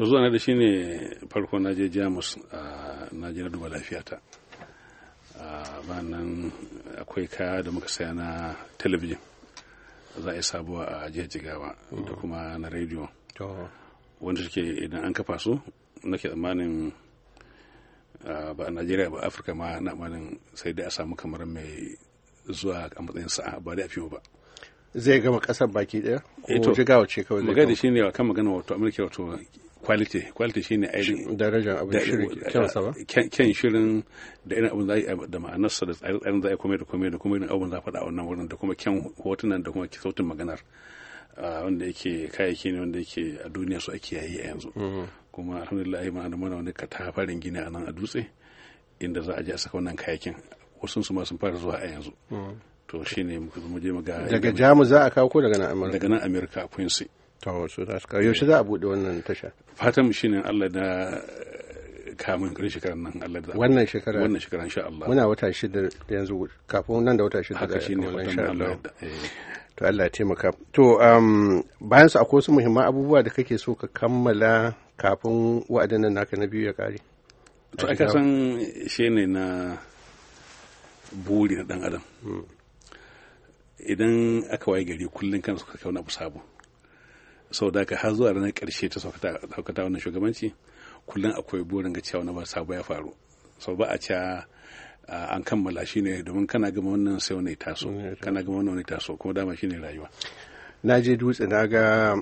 to zuwa na da shi ne farko na je jamus na je na duba lafiyata bayan nan akwai kaya da muka saya na telebijin za a yi sabuwa a jihar jigawa da kuma na rediyo wanda suke idan an kafa su nake tsammanin ba a najeriya ba afirka ma na tsammanin sai dai a samu kamar mai zuwa a matsayin sa'a ba da fiye ba zai gama kasar baki daya eh ko jigawa ce kawai magana shi ne kan magana wato amurka wato quality quality shine ainihin darajar abin shirin kyansa ba eh, kyan shirin da irin abin zai da ma'anarsa da tsarin zai komai da komai da kuma irin abin za faɗa a wannan wurin da kuma kyan hotunan da kuma sautin maganar ah, wanda yake kayayyaki ne wanda yake a duniya su ake yayi a yanzu mm-hmm. kuma alhamdulillah ma maana mana wani katafarin gini a nan a dutse inda za a je a saka wannan kayayyakin wasu su ma sun fara zuwa a yanzu mm-hmm. to shine mu je mu ga daga jamu za a kawo ko daga nan amurka daga nan amurka quincy to su za su kawo yaushe za a buɗe wannan tasha fatan mu shine Allah da eh, kamun ƙarshen shekarar nan Allah da wannan shekara wannan shekara insha Allah muna wata shida yanzu kafin nan da wata shida haka shine insha Allah eh. to Allah ya taimaka to um, bayan su akwai wasu muhimman abubuwa da kake so ka kammala kafin wa'adin nan naka na biyu ya kare to aka san shine na buri na dan adam hmm. idan aka waye gari kullum kan suka kauna abu sabo sau da har zuwa ranar karshe ta saukata wannan shugabanci kullum akwai burin ga cewa na ba sabo ya faru sau ba a ca an kammala shi ne domin kana gama wannan sai wani taso kana gama wannan wani taso kuma dama shi ne rayuwa na je dutse na ga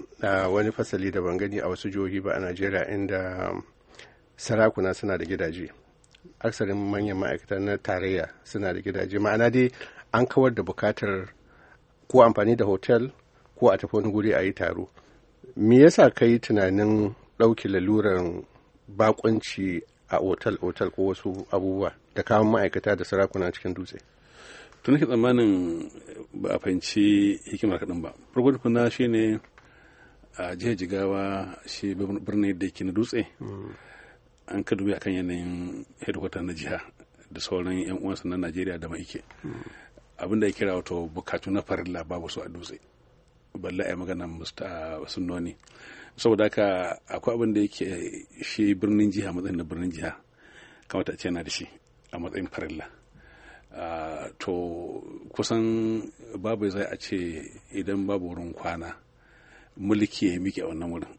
wani fasali da ban gani a wasu jihohi ba a najeriya inda sarakuna suna da gidaje aksarin manyan ma'aikata na tarayya suna da gidaje ma'ana dai an kawar da bukatar ko amfani da hotel ko a tafi wani guri a yi taro me yasa ka yi tunanin ɗauki laluran bakunci a otal-otal ko wasu abubuwa da kawon ma'aikata da sarakuna cikin dutse tun nake tsammanin eh, ba a fahimci hikimar kaɗan ba farko kuna shi ne a jihar jigawa shi birni da ke na dutse mm. an ka dubi akan yanayin hedikwata na jiha da sauran yan uwansa na najeriya da mm. Abin abinda ya kira wato bukatu na farilla babu su a dutse Balla a magana musta sunnoni saboda haka akwai abin da yake shi birnin jiha matsayin na birnin jiha kamata ta ce yana da shi a matsayin farilla ah, to kusan babu zai a ce idan babu wurin kwana mulki ya miƙe a wannan wurin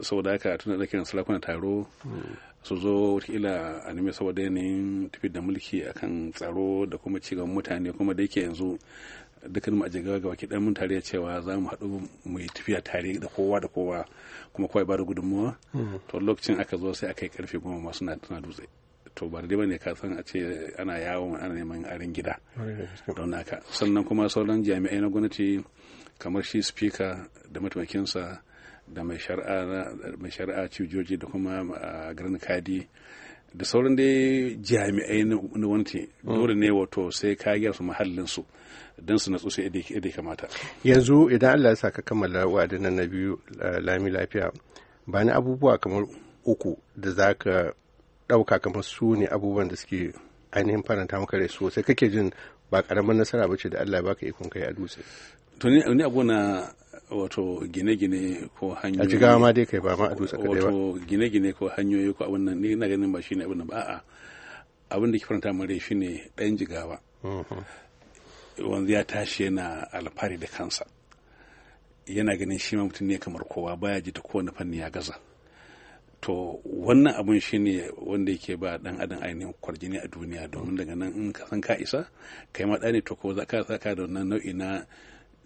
saboda haka tun da kiran sarakuna taro hmm. su zo wakila a nemi saboda yanayin tafi da mulki akan tsaro da kuma cigaban mutane kuma da yake yanzu dukkan mu a jiga ga dan mun tare cewa za mu haɗu mu yi tafiya tare da kowa da kowa kuma kawai ba da gudunmuwa hmm. to lokacin aka zo sai aka yi karfe goma masu na tana dutse to ba da bane ka san a ce ana yawon ana neman arin gida don haka sannan kuma sauran jami'ai na gwamnati kamar shi speaker da mataimakinsa da mai shari'a cijoji da kuma garin kadi da sauran dai jami'ai na wanti mm. dole ne wato sai ka su mahallinsu don su natsu sai idai kamata yanzu idan allah ya sa ka kammala wa'adin na biyu lami lafiya ba ni abubuwa kamar uku da za ka ɗauka kamar su ne abubuwan da suke ainihin faranta maka su sosai kake jin ba karamar nasara ba ce da allah ya baka ikon kai a dutse to ni abu na wato gine-gine ko hanyoyi a jigawa ma dai kai ba ma a dutse kadai ba wato gine-gine ko hanyoyi ko abin nan ni na ganin ba shine abin nan ba a'a abin da ke faranta mun rai shine dan jigawa mhm. wanzu ya tashi yana alfahari da kansa yana ganin shi ma mutum ne kamar kowa baya ji ta kowane fanni ya gaza to wannan abun shine wanda yake ba dan adam ainihin kwarjini a duniya domin daga nan in ka san ka isa kai ma ɗani to ko za ka da wannan nau'i na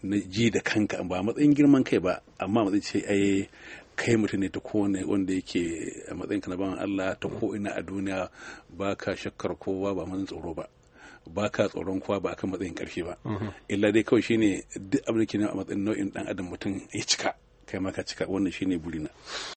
na ji da kanka ba matsayin girman kai ba amma matsayin ce ai kai mutum ne ta kone wanda yake a matsayin ka na ban Allah ta ko ina a duniya ba ka shakkar kowa ba mazan tsoro ba ba ka tsoron kowa ba akan matsayin karshe ba mhm. illa dai kawai shine duk abin da ke a matsayin nau'in dan adam mutum ya cika kai ma ka cika wannan shine burina